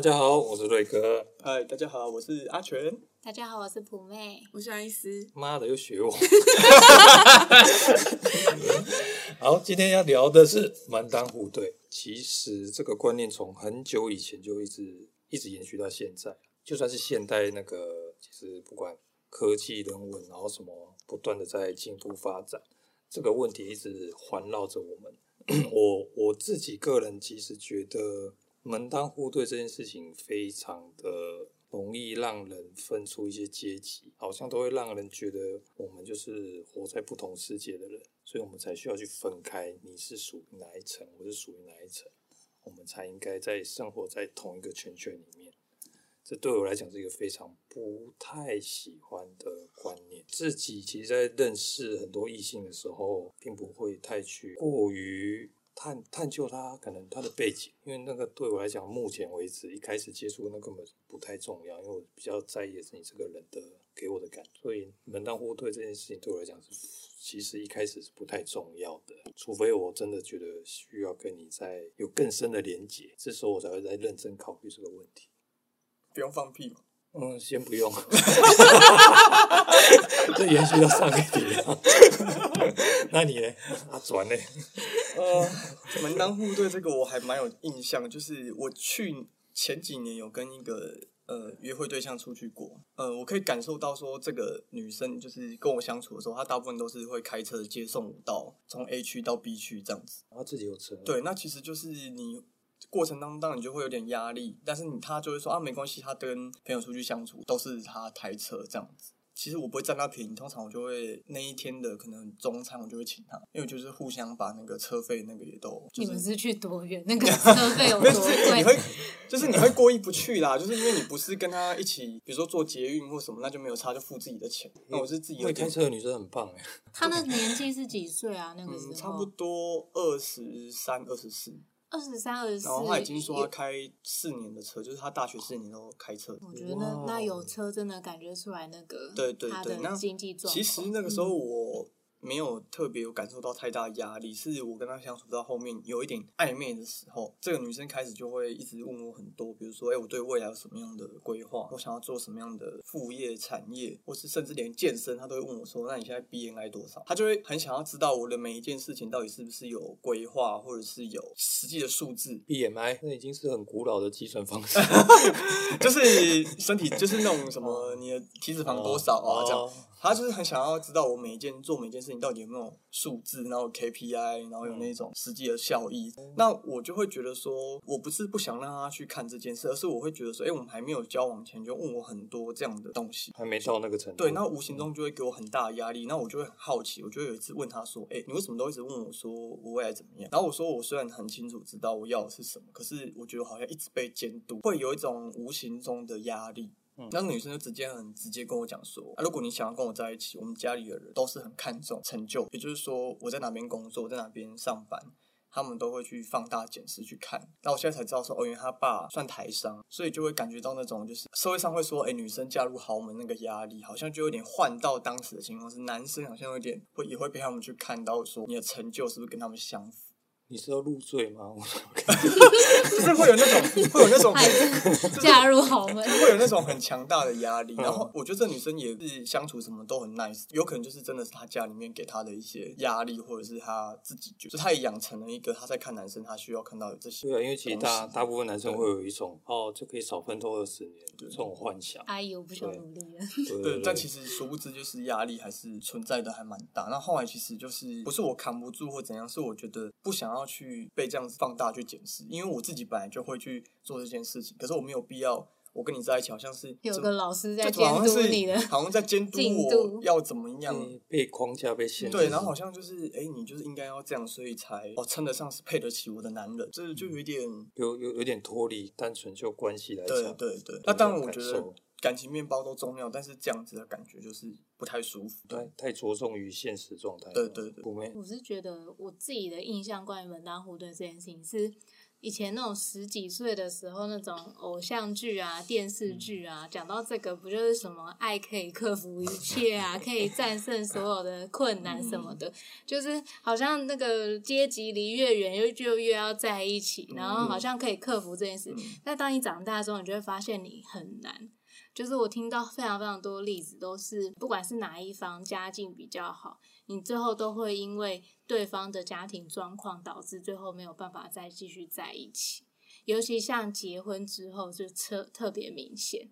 大家好，我是瑞哥。嗨，大家好，我是阿全。大家好，我是普妹，我是安思。媽的，又學我。 好，今天要聊的是門當戶對。其實這個觀念從很久以前就一直一直延續到現在。就算是現代那個，其實不管科技、人文，然後什麼，不斷的在進步發展，這個問題一直環繞着我們。 我我自己個人其實覺得。門當戶對這件事情非常的容易讓人分出一些階級，好像都會讓人覺得我們就是活在不同世界的人，所以我們才需要去分開。你是屬於哪一層，我是屬於哪一層，我們才應該在生活在同一個圈圈裡面。這對我來講是一個非常不太喜歡的觀念。自己其實，在認識很多異性的時候，並不會太去過於。探探究他可能他的背景，因為那個對我來講，目前為止一開始接觸那根本不，不太重要，因為我比較在意的是你這個人的給我的感，所以門當戶對這件事情對我來講是其實一開始是不太重要的，除非我真的覺得需要跟你再有更深的連接，這時候我才會再認真考慮這個問題。不用放屁嘛。嗯，先不用。 這延續到上一點。 那你呢？ 啊，轉呢？哦、呃，門當戶對這個我還蠻有印象。就是我去前幾年有跟一個呃約會對象出去過。嗯、呃，我可以感受到說，這個女生就是跟我相處的時候，她大部分都是會開車接送到從 A 區到 B 區這樣子。然、啊、後自己有車。對，那其實就是你。過程當中，你就會有點壓力，但是你他就會說啊，沒關係。他跟朋友出去相處都是他開車這樣子。其實我不會佔他便宜，通常我就會那一天的可能中餐我就會請他，因為就是互相把那個車費那個也都。就是，你們是去多遠？那個車費有多貴？ 對 你會就是你會過意不去啦， 就是因為你不是跟他一起，比如說坐捷運或什麼，那就沒有差，就付自己的錢。嗯，那我是自己。會開車的女生很棒哎。他的年紀是幾歲啊？那個時候，嗯，差不多二十三、二十四。二十三、二十四，然後他已經說他開四年的車，就是他大學四年都開車。我覺得那 wow，那有車真的感覺出來那個對對對，經濟狀況。其實那個時候我。嗯沒有特別有感受到太大壓力，是我跟她相處到後面有一點曖昧的時候，這個女生開始就會一直問我很多。比如說，哎，我對未來有什麼樣的規劃？我想要做什麼樣的副業產業，或是甚至連健身，她都會問我說，那你現在 BMI 多少？她就會很想要知道我的每一件事情到底是不是有規劃，或者是有實際的數字。BMI 那已經是很古老的計算方式， 就是身體就是那種什麼你的體脂肪多少啊 oh, oh. 這樣。他就是很想要知道我每一件做每件事情到底有沒有數字，然後 KPI，然後有那種實際的效益，嗯。那我就會覺得說，我不是不想讓他去看這件事，而是我會覺得說，哎，欸，我們還沒有交往前就問我很多這樣的東西，還沒到那個程度。對，那無形中就會給我很大的壓力。那我就會很好奇，嗯，我就會有一次問他說，哎，欸，你為什麼都一直問我，說我未來怎麼樣？然後我說，我雖然很清楚知道我要的是什麼，可是我覺得好像一直被監督，會有一種無形中的壓力。那女生就直接很直接跟我講說：“啊，如果你想要跟我在一起，我們家裡的人都是很看重成就，也就是說我在哪邊工作，在哪邊上班，他們都會去放大檢視去看。”那我現在才知道說，哦，原來他爸算台商，所以就會感覺到那種就是社會上會說，哎、欸，女生嫁入豪門那個壓力，好像就有點換到當時的情況是，男生好像有點會也會被他們去看到說，你的成就是不是跟他們相符？”你是要入贅嗎？看 就是會有那種 會有那種嫁入豪門？ 會有那種很強大的壓力、 嗯。然後我覺得這女生也是相處什麼都很 nice，有可能就是真的是她家裡面給她的一些壓力，或者是她自己就就他也養成了一個她在看男生，她需要看到的這些。對、啊、因為其實大大部分男生會有一種哦，就可以少奮鬥二十年這種幻想。哎呦，我不想努力了。對，對，對，但其實殊不知就是壓力還是存在的還蠻大。那後來其實就是不是我扛不住或怎樣，是我覺得不想要。要去被這樣子放大去檢視，因為我自己本來就會去做這件事情，可是我沒有必要。我跟你在一起，好像是有個老師在監督你，好像在監督我要怎麼樣被框架被限制。對，然後好像就是，哎，你就是應該要這樣，所以才我，哦，稱得上是配得起我的男人，這就有點有有有點脫離單純就關係來講。對對對，對。那但我覺得。感情麵包都重要，但是這樣子的感覺就是不太舒服。對，太着重於現實狀態。對對對。我我是覺得，我自己的印象關於門當戶對這件事情，是以前那種十幾歲的時候，那種偶像劇啊、電視劇啊，講、嗯、到這個，不就是什麼愛可以克服一切啊， 可以戰勝所有的困難什麼的？嗯、就是好像那個階級離越遠，又就越要在一起，然後好像可以克服這件事。嗯、但當你長大之後，你就會發現你很難。就是我聽到非常非常多例子，都是不管是哪一方家境比較好，你最後都會因為對方的家庭狀況，導致最後沒有辦法再繼續在一起。尤其像結婚之後就特特別明顯，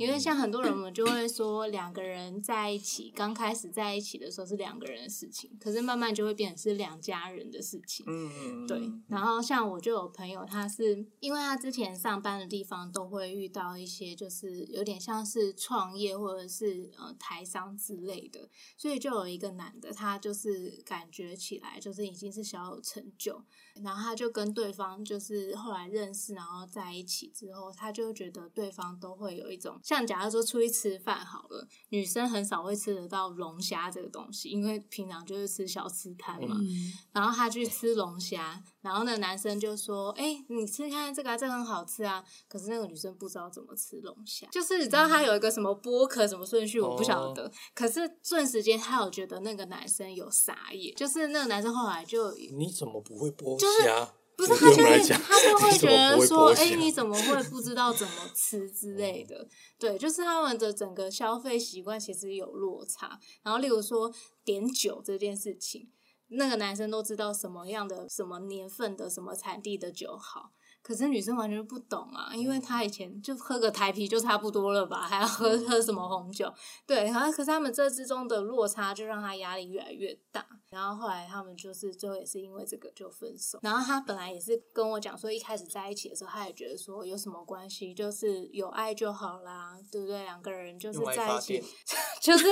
因為像很多人，我們就會說兩個人在一起，剛開始在一起的時候是兩個人的事情，可是慢慢就會變成是兩家人的事情，嗯，對。然後像我就有朋友，他是因為他之前上班的地方都會遇到一些，就是有點像是創業或者是呃台商之類的，所以就有一個男的，他就是感覺起來就是已經是小有成就，然後他就跟對方就是後來認。是，然後在一起之後，他就覺得對方都會有一種像，假如說出去吃飯好了，女生很少會吃得到龍蝦這個東西，因為平常就是吃小吃攤嘛。嗯、然後他去吃龍蝦，然後那個男生就說：“哎，你吃看看這個、啊，這個很好吃啊。”可是那個女生不知道怎麼吃龍蝦，就是你知道他有一個什麼剝殼什麼順序，我不曉得。哦、可是瞬時間，他有覺得那個男生有傻眼，就是那個男生後來就，你怎麼不會剝蝦？就是不是他就會，他就會覺得說，哎，你怎麼會不知道怎麼吃之類的？對，就是他們的整個消費習慣其實有落差。然後，例如說點酒這件事情，那個男生都知道什麼樣的、什麼年份的、什麼產地的酒好。可是女生完全不懂啊，因為她以前就喝個台啤就差不多了吧，還要喝喝什麼紅酒？對，然後可是他們這之中的落差就讓她壓力越來越大，然後後來他們就是最後也是因為這個就分手。然後他本來也是跟我講說，一開始在一起的時候，他也覺得說有什麼關係，就是有愛就好啦，對不對？兩個人就是在一起， 就是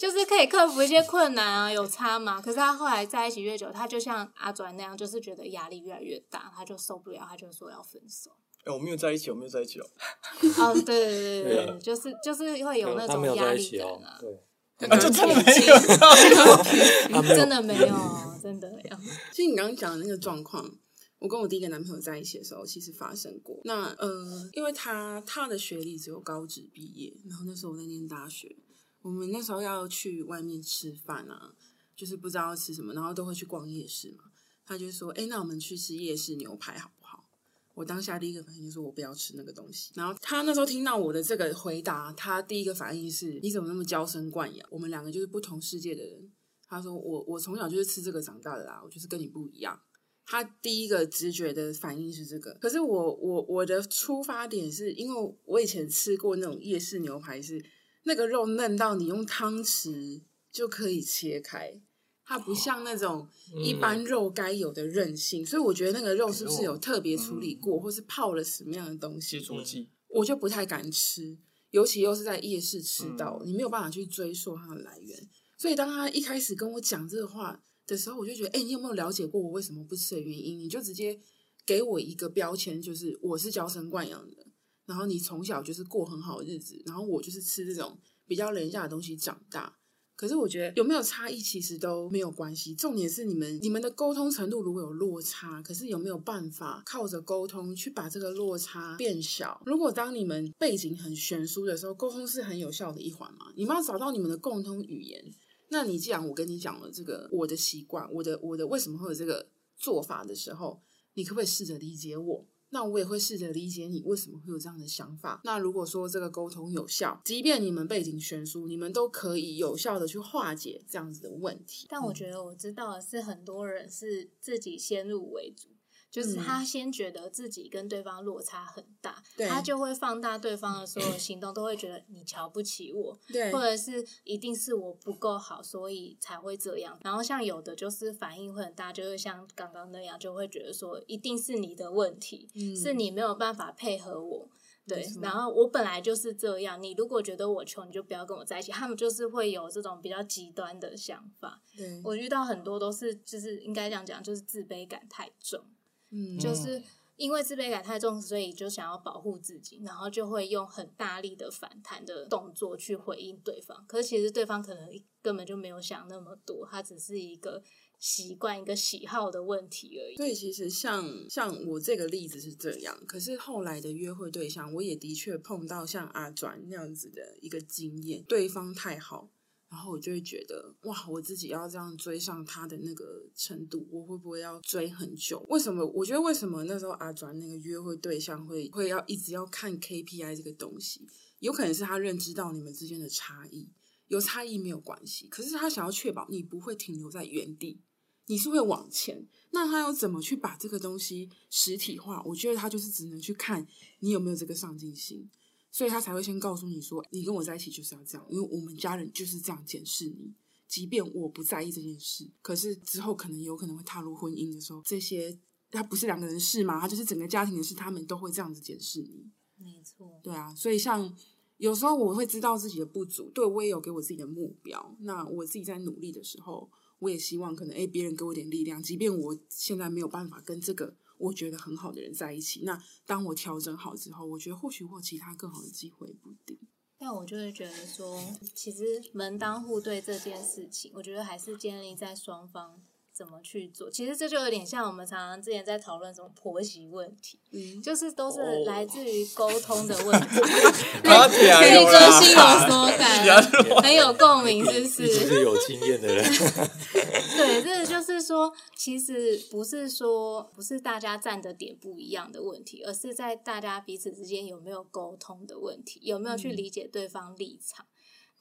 就是可以克服一些困難啊，有差嘛。可是他後來在一起越久，他就像阿轉那樣，就是覺得壓力越來越大，他就受不了，他就說要。分手？哎，我沒有在一起，我沒有在一起哦。哦、 oh，對對對對 就是就是會有那種壓力感啊。哦、對，啊、 就真的， 真的真的沒有，真的沒有真的要。其 實你剛剛講的那個狀況，我跟我第一個男朋友在一起的時候，其實發生過。那呃，因為他他的學歷只有高職畢業，然後那時候我在念大學，我們那時候要去外面吃飯啊，就是不知道要吃什麼，然後都會去逛夜市嘛。他就說：“哎，那我們去吃夜市牛排好。”我當下第一個反應就是我不要吃那個東西。然後他那時候聽到我的這個回答，他第一個反應是：你怎麼那麼嬌生慣養？我們兩個就是不同世界的人。他說我：我我從小就是吃這個長大的啦，我就是跟你不一樣。他第一個直覺的反應是這個。可是我我我的出發點是因為我以前吃過那種夜市牛排是，是那個肉嫩到你用湯匙就可以切開。它不像那種一般肉該有的韌性、嗯，所以我覺得那個肉是不是有特別處理過、嗯，或是泡了什麼樣的東西？我就不太敢吃，尤其又是在夜市吃到、嗯，你沒有辦法去追溯它的來源。所以當他一開始跟我講這個話的時候，我就覺得，哎、欸，你有沒有了解過我為什麼不吃的原因？你就直接給我一個標籤，就是我是嬌生慣養的，然後你從小就是過很好的日子，然後我就是吃這種比較廉價的東西長大。可是我覺得有沒有差異其實都沒有關係，重點是你們你們的溝通程度如果有落差，可是有沒有辦法靠着溝通去把這個落差變小？如果當你們背景很懸殊的時候，溝通是很有效的一環嘛，你們要找到你們的共通語言。那你既然我跟你講了這個我的習慣，我的我的為什麼會有這個做法的時候，你可不可以試着理解我？那我也會試着理解你為什麼會有這樣的想法。那如果說這個溝通有效，即便你們背景懸殊，你們都可以有效的去化解這樣子的問題。但我覺得我知道的是，很多人是自己先入為主。就是他先覺得自己跟對方落差很大，嗯、對他就會放大對方的所有行動，都會覺得你瞧不起我，對，或者是一定是我不夠好，所以才會這樣。然後像有的就是反應會很大，就是像剛剛那樣，就會覺得說一定是你的問題，嗯、是你沒有辦法配合我，對。然後我本來就是這樣，你如果覺得我窮，你就不要跟我在一起。他們就是會有這種比較極端的想法，對。我遇到很多都是，就是應該這樣講，就是自卑感太重。嗯，就是因為自卑感太重，所以就想要保護自己，然後就會用很大力的反彈的動作去回應對方。可是其實對方可能根本就沒有想那麼多，他只是一個習慣、一個喜好的問題而已。所以其實像像我這個例子是這樣，可是後來的約會對象，我也的確碰到像阿轉那樣子的一個經驗，對方太好。然後我就會覺得，哇，我自己要這樣追上他的那個程度，我會不會要追很久？為什麼？我覺得為什麼那時候阿轉那個約會對象會會要一直要看 KPI 這個東西？有可能是他認知到你們之間的差異，有差異沒有關係，可是他想要確保你不會停留在原地，你是會往前。那他要怎麼去把這個東西實體化？我覺得他就是只能去看你有沒有這個上進心。所以他才會先告訴你說，你跟我在一起就是要這樣，因為我們家人就是這樣檢視你。即便我不在意這件事，可是之後可能有可能會踏入婚姻的時候，這些他不是兩個人的事嗎？他就是整個家庭的事，他們都會這樣子檢視你。沒錯，對啊。所以像有時候我會知道自己的不足，對我也有給我自己的目標。那我自己在努力的時候，我也希望可能誒，別人給我點力量，即便我現在沒有辦法跟這個。我覺得很好的人在一起，那當我調整好之後，我覺得或許或其他更好的機會不定。但我就會覺得說，其實門當戶對這件事情，我覺得還是建立在雙方。怎麼去做？其實這就有點像我們常常之前在討論什麼婆媳問題，嗯，就是都是來自於溝通的問題，個、哦 啊啊、心有所感、啊啊，很有共鳴，是不是？其實有經驗的人， 對，這個、就是說，其實不是說不是大家站的點不一樣的問題，而是在大家彼此之間有沒有溝通的問題，有沒有去理解對方立場。嗯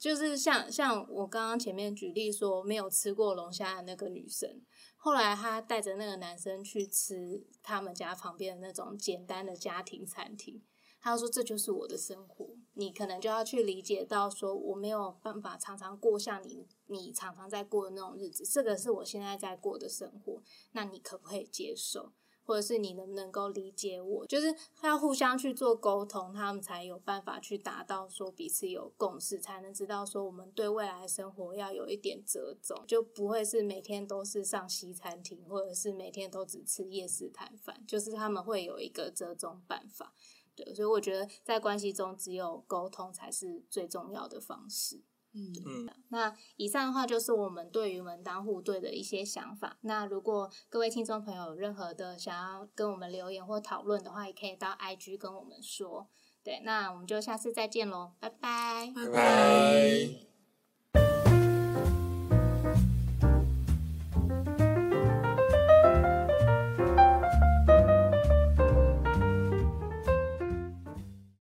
就是像像我剛剛前面舉例說，沒有吃過龍蝦的那個女生，後來她帶着那個男生去吃他們家旁邊的那種簡單的家庭餐廳，她說，這就是我的生活，你可能就要去理解到說，我沒有辦法常常過像你你常常在過的那種日子，這個是我現在在過的生活，那你可不可以接受？或者是你能不能夠理解我？就是要互相去做溝通，他們才有辦法去達到說彼此有共識，才能知道說我們對未來生活要有一點折中，就不會是每天都是上西餐廳，或者是每天都只吃夜市攤飯。就是他們會有一個折中辦法，對。所以我覺得在關係中，只有溝通才是最重要的方式。嗯嗯，那以上的話就是我們對於門當戶對的一些想法。那如果各位聽眾朋友有任何的想要跟我們留言或討論的話，也可以到 IG 跟我們說。對，那我們就下次再見嘍，拜拜，拜拜。拜拜。